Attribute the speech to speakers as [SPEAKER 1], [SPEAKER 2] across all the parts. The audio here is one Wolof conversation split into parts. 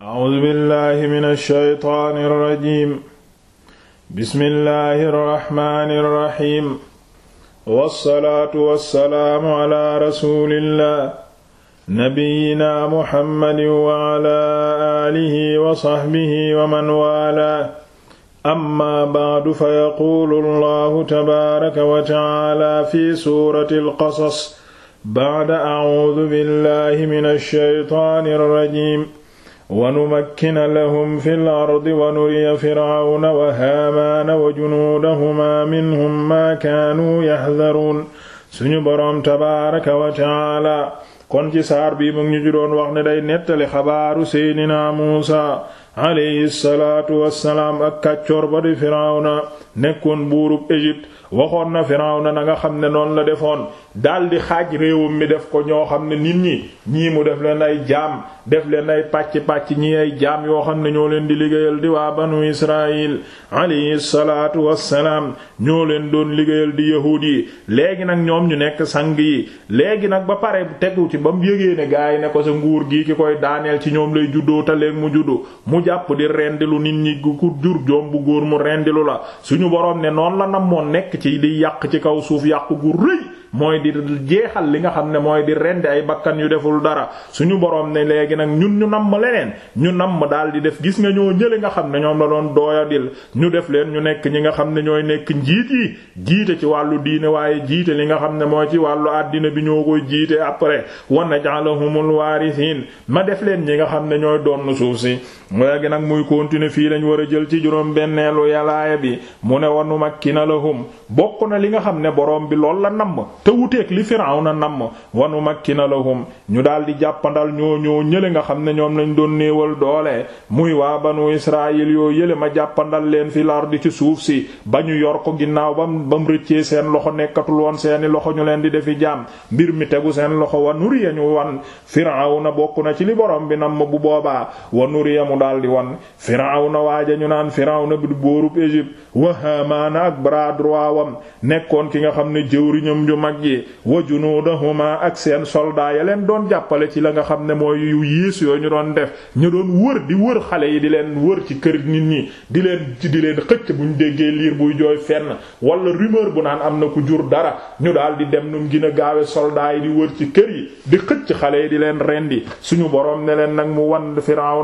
[SPEAKER 1] A'uuzu billaahi mina shaytaani rajiim. Bismillaahi rahmaani rahiim. Wassalaatu wassalaamu alaa rasuulillaah. Nabiyyinaa Muhammadin wa alaa aalihi wa sahbihi wa man waalaa. Ammaa ba'du fayaquulu Allaahu tabaaraka wa ta'aalaa fi suuratil qasas. Ba'da a'uuzu billaahi mina shaytaani rajiim. wa numakkina lahum fil ardi wa nuriya fircawna wa haamaana wa junuudahumaa minhum maa kaanuu yaxdaruun suñu boroom tabaaraka wa tacaala kon ci saar bii mu ngi ñu doon wax ne day nettali xabaaru seydinaa Muusaa alayhi salaatu wassalaam ak kàccoor ba di fircawna nekkoon buurub Égypte waxoon na Firawna na nga xam ne noonu la defoon daldi xaaj réewam mi def ko ñoo xam ne nit ñi ñii mu def leen ay jaam def leen ay pàcc-pàcc ñii ay jaam yoo xam ne ñoo leen di liggéeyal di waa banu Israël alayhi salaatu wassalaam ñoo leen doon liggéeyal di yahuud yi léegi nag ñoom ñu nekk sang yi léegi nag ba pare tegu ci ba mu yëgee ne gaa yi ne ko sa nguur gi ki koy daaneel ci ñoom lay juddoo ta leen mu juddu mu jàpp di rendilu nit ñi ku jur joom bu góor mu rendilu waroom ne noonu la namoon nekk ci di yàq ci kaw suuf yàq gu rëy mooy di jeexal li nga xam ne mooy di rendi ay bakkan yu deful dara suñu borom ne léegi nag ñun ñu namm leneen ñu namm daal di def gis nga ñoo ñële nga xam ne ñoom la doon dooyadil ñu def leen ñu nekk ñi nga xam ne ñooy nekk njiit yi jiite ci wàllu diine waaye jiite li nga xam ne mooy ci wàllu àddina bi ñoo koy jiite après wa naj'aluhumul warithin ma def leen ñi nga xam ne ñooy doon suuf si léegi nag muy continuer fii lañu war a jël ci juróom benneelu yalaaya bi mu ne wanu makkina lahum bokk na li nga xam ne borom bi lool la namm te wuteek li Firawna namm wanu makkina lahum ñu daal di jàppandal ñoo ñoo ñële nga xam ne ñoom lañ doon néewal doole muy waa banu Israayil yoo yële ma jàppandal leen fi lardi ci suuf si ba ñu yor ko ginnaaw bam bam rëccee seen loxo nekkatul woon seeni loxo ñu leen di defi jaam mbir mi tegu seen loxo wa nuriya ñu wan Firawna bokk na ci li borom bi namm bu boobaa wa nuriya mu daal di wan Firawna waaja ñu naan Firawna bi du bóorub Égypte wa Haamaana ak bras droit wam nekkoon ki nga xam ne mag yi wa junuudahuma ak seen soldat ya leen doon jàppale ci la nga xam ne mooy yu yiis ñu doon def ñu doon wër di wër xale yi di leen wër ci kër nit ñi di leen di leen xëcc buñ déggee liir buy jooy fenn wala rumeur bu naan am na ku jur dara ñu daal di dem num gën a gaawe yi di wër ci kër yi di xëcc xale yi di leen rendi suñu boroom ne leen nag mu wan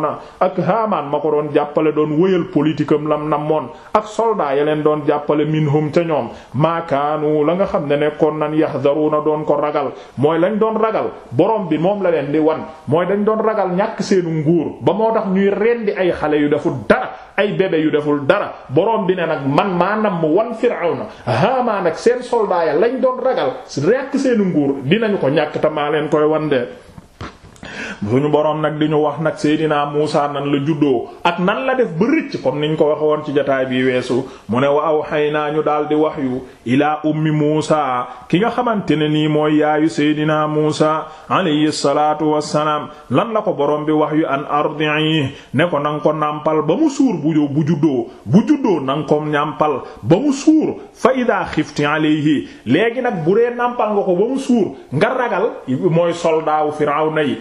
[SPEAKER 1] na ak Haamaan ma ko doon jàppale doon wëyal politique am lam namoon ak soldat ya leen doon jàppale minhum ca ñoom maakaanu la nga xam ne nekkoon nan yahzaruna doon ko ragal mooy lañ doon ragal borom bi moom la leen di wan mooy dañ doon ragal ñàkk seenu nguur ba moo tax ñuy rendi ay xale yu deful dara ay bébé yu deful dara borom bi ne nag man maa mu wan Firawna Haamaan nag seen soldat ya lañ doon ragal ñàkk seenu nguur dinañu ko ñàkk te a leen koy wan de suñu boroom nag di ñu wax nag Seydina Muusa nan la juddoo ak nan la def ba rëcc comme niñ ko wax woon ci jotaay bi weesu mu ne wa awhaynaa ñu daal di wax yu ilaa ummi Muusa ki nga xamante ne nii mooy yaayu Seydina Muusa alayhi salaatu wassalaam lan la ko boroom bi wax yu an ardi'i ne ko nanga ko nàmpal ba mu suur bu juddoo bu juddoo nanga ko nàmpal ba mu suur fa idaa xifti alayhi léegi nag bu dee nàmpal nga ko ba mu suur nga ragal mooy soldaawu Firawna yi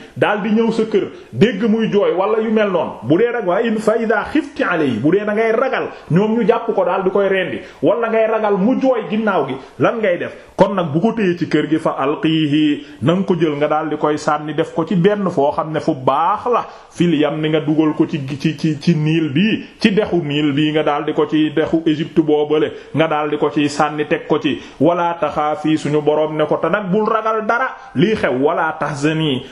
[SPEAKER 1] di ñëw sa kër dégg muy jooy wala yu mel noonu bu dee nag waaye fa ida xifti alayhi bu dee da ngay ragal ñoom ñu jàpp ko daal di koy rendi wala ngay ragal mu jooy ginnaaw gi lan ngay def kon nag bu ko téye ci kër gi fa alqiihi na nga ko jël nga daal di koy sànni def ko ci benn foo xam ne fu baax la fil ni nga dugal ko ci ci ci ci niil bii ci dexu niil bii nga daal di ko ci dexu Égypte boobale nga daal di ko ci sànni teg ko ci wala taxaa fii suñu boroom ne ko te bul ragal dara lii xew wala tahzani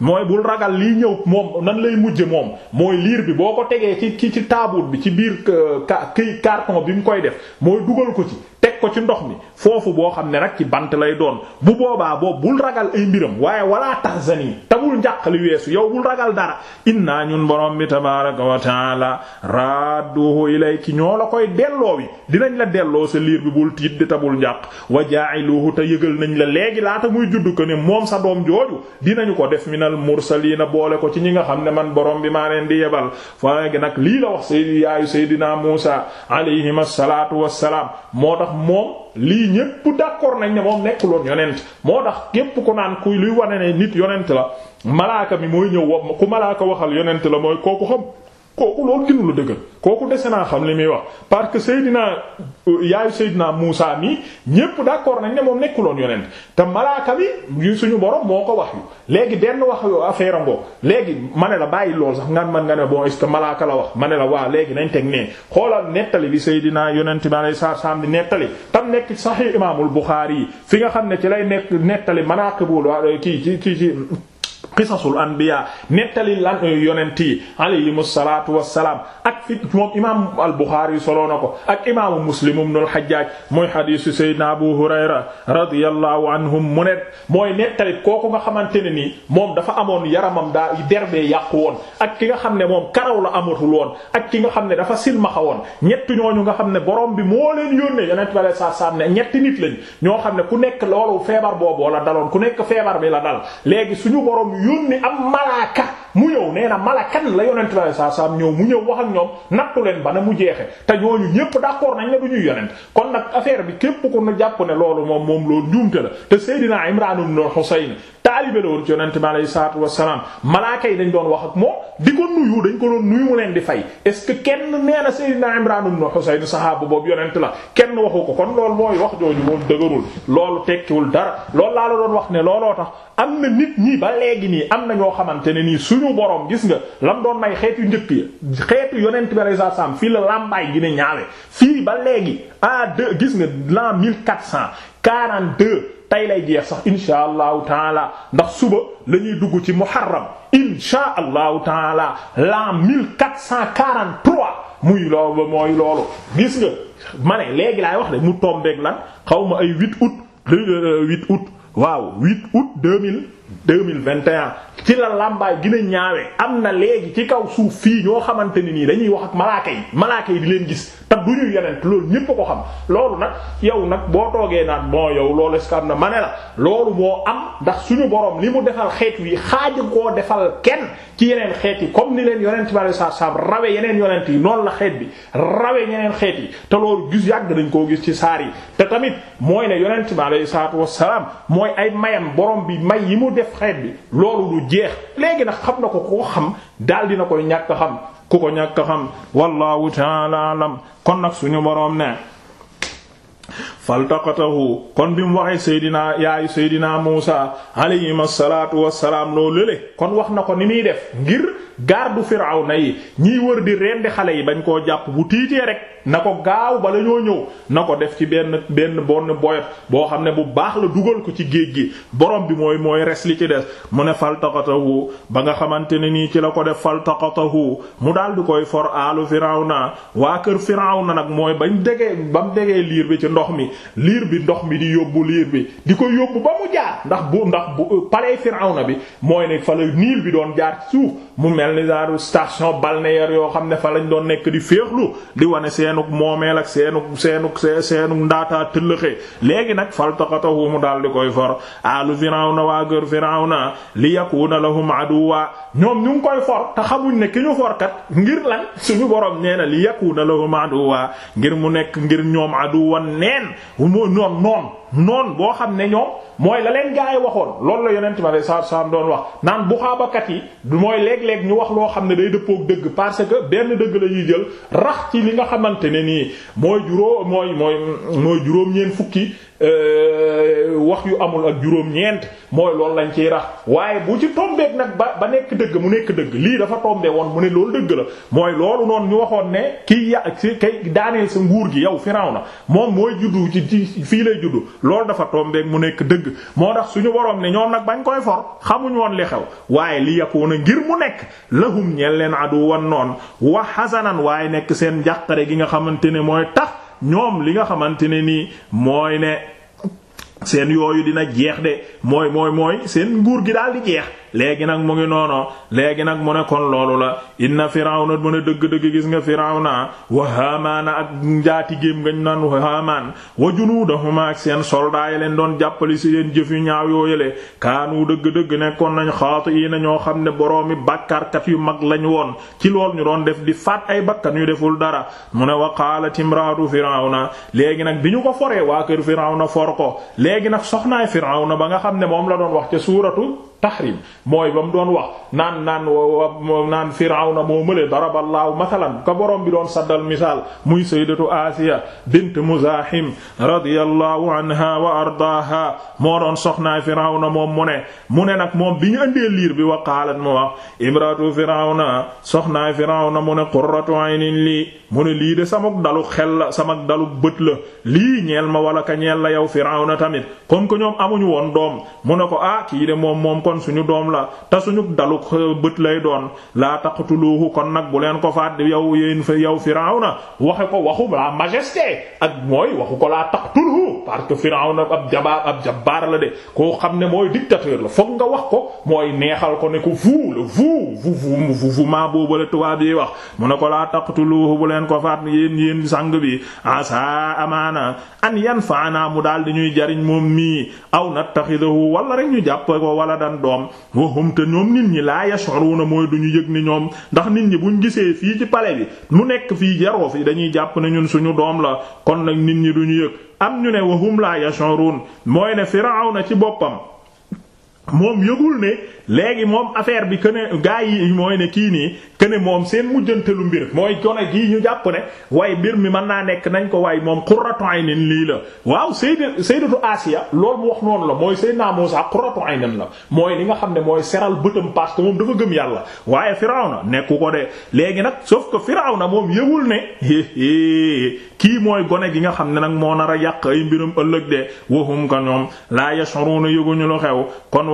[SPEAKER 1] mooy bul ragal lii ñëw moom nan lay mujje moom mooy liir bi boo ko tegee ci ci ci taabuut bi ci biir euh, ka kay carton bi mu koy def mooy dugal ko ci teg ko ci ndox mi foofu boo xam ne nag ci bant lay doon bu boobaa boobu bul ragal ay mbiram waaye walaa tahzani te bul njàq li weesu yow bul ragal dara inna ñun borom bi tabaaraka wa taala radduhu ilayki ñoo la koy delloo wi dinañ la delloo sa liir bi bul tiit di tabul njàq wa ja'iluhu te yëgal nañ la léegi laata muy judd ko ne moom sa doom jooju dinañu ko def minal mursaliina boole ko ci ñi nga xam ne man borom bi maa leen di yebal fa nag lii wax saydi yaayu sayidina Muusa alayhi moom lii ñépp d'accord nañ ne moom nekkuloon yonent moo tax képp ku naan kuy luy wane ne nit yonent la malaaka mi mooy ñëw wa ku malaaka waxal yonent la mooy kooku xam kooku loolu gënu la dëgër kooku dese naa xam li muy wax parce que Seydina euh, yaayu Seydina Muusa mi ñépp d'accord nañ ne moom nekkuloon yonent te malaaka bi suñu borom moo ko wax yu léegi benn wax yo affaire ngoo léegi ma ne la bàyyi lool sax nga man nga ne bon est-ce que malaaka la wax ma ne la waa léegi nañ teg nee xoolal nettali bi Seydina yonent bi alayhi salaam di nettali tam nekk Sahih Imaamul Buxaari yi fi nga xam ne ci lay nekk nettali manaaqibul kii ci qisasul anbiya nettali lan e yonent yi alayhimu salaatu salaam ak fi moom imaam al-Buxaari soloo na ko ak imaamu Muslim ibn al-Hajjaaj mooy hadiisu Seydina Abu Hurayra radiyallahu anhum mu ne mooy nettali kooku nga xamante ne nii moom dafa amoon yaramam daa derbee yàqu woon ak ki nga xam ne moom karaw la amatul woon ak ki nga xam ne dafa silmaxa woon ñett ñooñu nga xam ne borom bi moo leen yónnee yonent bi alayhi salaatu wassalaam ne ñetti nit lañ ñoo xam ne ku nekk loolu feebar boobu la daloon ku nekk feebar bi la dal yónni am malaaka nee na malakan la yonent bi saa saa ñëw mu ñëw wax ak ñoom nattu leen ba na mu jeexe te ñooñu ñépp d'accord nañ ne du ñuy yonent kon nag affaire bi képp ku nu jàpp ne loolu moom moom loolu njuumte la te Seydina Imraan ibn Husayn taalibe la woon ci yonent bi alayhi salaatu wassalaam malaaka yi dañ doon wax ak moom di ko nuyu dañ ko doon nuyu mu leen di fay est-ce que kenn nee na Seydina Imraan ibn Husayn sahaaba boobu yonent la kenn waxu ko kon loolu mooy wax jooju moom dëgërul loolu tekkiwul dara loolu laa la doon wax ne looloo tax am na nit ñi ba léegi nii am na ñoo xamante ne nii suñu borom borom gis nga lam doon may xeetu yu njëkk ya xeetu yonent bi alayhi salaam fii la làmbaay gi ne ñaawe fii ba léegi a de gis nga l'an mille quatre cent quarante-deux tay lay jeex sax insha allahu taala ndax suba la ñuy dugg ci muharram insha allahu taala la mille quatre cent quarante-trois muy loolu mooy loolu gis nga ma ne léegi laay wax de mu tombeeg lan xaw ma ay huit août euh, huit août waaw huit août deux mille deux mille vingt et ci la làmbaay gën a ñaawe am na léegi ci kaw suuf fii ñoo xamante ni nii dañuy wax ak malaaka yi malaaka yi di leen gis te du ñu yonent loolu ñépp ko xam loolu nag yow nag boo toogee naan bon yow loolu est-ce ma ne la loolu am ndax suñu borom li mu defal xeet wi xaaja koo defal kenn ci yeneen xeet yi comme ni leen yonent bi alayhi salaam rawe yeneen yonent yi noonu la xeet bi rawe yeneen xeet yi te loolu gis yàgg dañ koo gis ci saar yi te tamit mooy ne yonent bi alayhi salaatu wassalaam mooy ay mayam borom bi may yi mu def xeet bi loolu dul jeex léegi nag xam na ko ku ko xam daal dina koy ñàkk xam ku ko ñàkk a xam wallahu ta'ala alam kon nag suñu boroom ne faltaqatahu kon bi mu waxee Seydina yaayu Seydina Muusa alayhi salaatu wassalaam loo lële kon wax na ko ni muy def ngir garde Firawna yi ñuy wër di rendi xale yi bañ koo jàpp bu tiitee rek na ko gaaw bala ñoo ñëw na ko def ci benn benn bonn boyot boo xam ne bu baax la dugal ko ci géej gi boroom bi mooy mooy res li ci des mu ne faltaqatahu ba nga xamante ne nii ci la ko def faltaqatahu mu daal di koy for aalu Firawna waa kër Firawna nag mooy bañ degee bam degee liir bi ci ndox mi liir bi ndox mi di yóbbu liir bi di ko yóbbu ba mu jaar ndax bu ndax bu palais Firawna bi mel ni genre station balnéaire yoo xam ne fa lañ doon nekk di féexlu di wane seenug moomeel ak seenug seenug seenug ndaataa tëllëxee léegi nag faltaqatahu mu daal di koy for alu firawna waa gër na li na yakuna lahum aduwa ñoom ñu koy for te xamuñ ne ki ñu forkat ngir lan suñu borom nee na li yakuna lahum aduwa ngir mu nekk ngir ñoom aduwan neen moo ñoom noon noon boo xam ne ñoom mooy la leen gaay waxoon loolu la yonent ma sallallahu alayhi wasallam doon wax wax loo xam ne day dëppook dëgg parce que benn dëgg la ñuy jël rax ci li nga xamante ne nii mooy juróom mooy mooy mooy juróom-ñeent fukki Euh, wax yu amul ak juróom-ñeent mooy loolu lañ ci rax waaye bu ci tombeek nag ba ba nekk dëgg mu nekk dëgg lii dafa tombee woon mu ne loolu dëgg la mooy loolu noonu ñu waxoon ne kii ya kay daaneel sa nguur gi yow Firawna moom mooy juddu ci fii lay juddu loolu dafa tombeek mu nekk dëgg moo tax suñu boroom ne ñoom nag bañ koy for xamuñ woon li xew waaye li yakoona ngir mu nekk lahum ñeel leen adu wan noon wa hasanan waaye nekk seen njàqare gi nga xamante ne mooy tax ñoom li nga xamante ne nii mooy ne seen yooyu dina jeex de mooy mooy mooy seen nguur gi daal di jeex léegi nag mu ngi noonu léegi nag mu ne kon loolu la inna firawna mu ne dëgg-dëgg gis nga firawna wa haamaana ak njaati géem ngañ naan haamaan wa junuudahuma ak seen soldat yi leen doon jàppali si leen jëf yu ñaaw yooyale kaanu dëgg-dëgg nekkoon nañ xaatiina ñoo xam ne boroomi bàkkaarkat yu mag lañ woon ci lool ñu doon def di faat ay bakkan yu deful dara mu ne wa qaalat imraatu firawna léegi nag bi ñu ko foree waa kër firawna for ko léegi nag soxnaay firawna ba nga xam ne moom la doon wax ca suuratu tahrim mooy ba mu doon wax naan naan naan firawna moo mële daraballaahu mathalan ka borom bi doon saddal misaal muy sayyidatu Asiya bint Muzahim radiyallahu anha wa ardaaha moo doon soxnaay firawna moom mu ne mu ne nag moom bi ñu andee liir bi wa qaalat mu wax imratu firawna soxnaay firawna mu ne qurratu aynin lii mu ne lii de samak dalu xel la samak dalu bët la lii ñeel ma wala ka ñeel la yow firawna tamit comme que ñoom amuñu woon doom mu ne ko ah kii kon suñu doom la te suñu dalu euh, bët lay doon laa taqtuluhu kon nag bu leen ko faat yow yéen fa yow Firawna waxe ko waxu la majesté ak mooy waxu ko laa taqtuluhu parce que Firawna ab jabaar ab jabbaar la de koo xam ne mooy dictateur la fokk nga wax ko mooy neexal ko ne ko vous le vous vous vous vous maa boobale tubaab yi wax mu ne ko laa taqtuluhu bu leen ko faat yéen yéen sang bi asa amaana an yanfaana mu daal di ñuy jariñ moom mii aw nattaxidahu wala rek ñu jàpp ko wala lan doom wahum te ñoom nit ñi laa yash'uruna mooy du ñu yëg ni ñoom ndax nit ñi buñ gisee fii ci palais bi mu nekk fii jaroo fi dañuy jàpp ne suñu doom la kon nag nit ñi du ñu yëg am ñu ne wahum laa yash'urun mooy ne na ci boppam moom yëgul ni léegi moom affaire bi que ne gars yi mooy ne kii nii que moom seen mujjantelu mbir mooy kone kii ñu jàpp ne waaye mbir mi mën naa nekk nañ ko waaye moom qurratu aynin lii la waaw sayda sayyidatu Asiya loolu mu wax la mooy sayyidna Muusaa qurratu aynin la mooy li nga xam ne mooy seral bëtam parce que moom dafa gëm yàlla waaye Firawna nekku ko de léegi nag sauf que Firawna moom yëgul ne kii mooy gone gi nga xam ne nag moo nar a yàq ay mbiram ëllëg de wahum ka ñoom laa yash'uruna yëguñu lu xew kon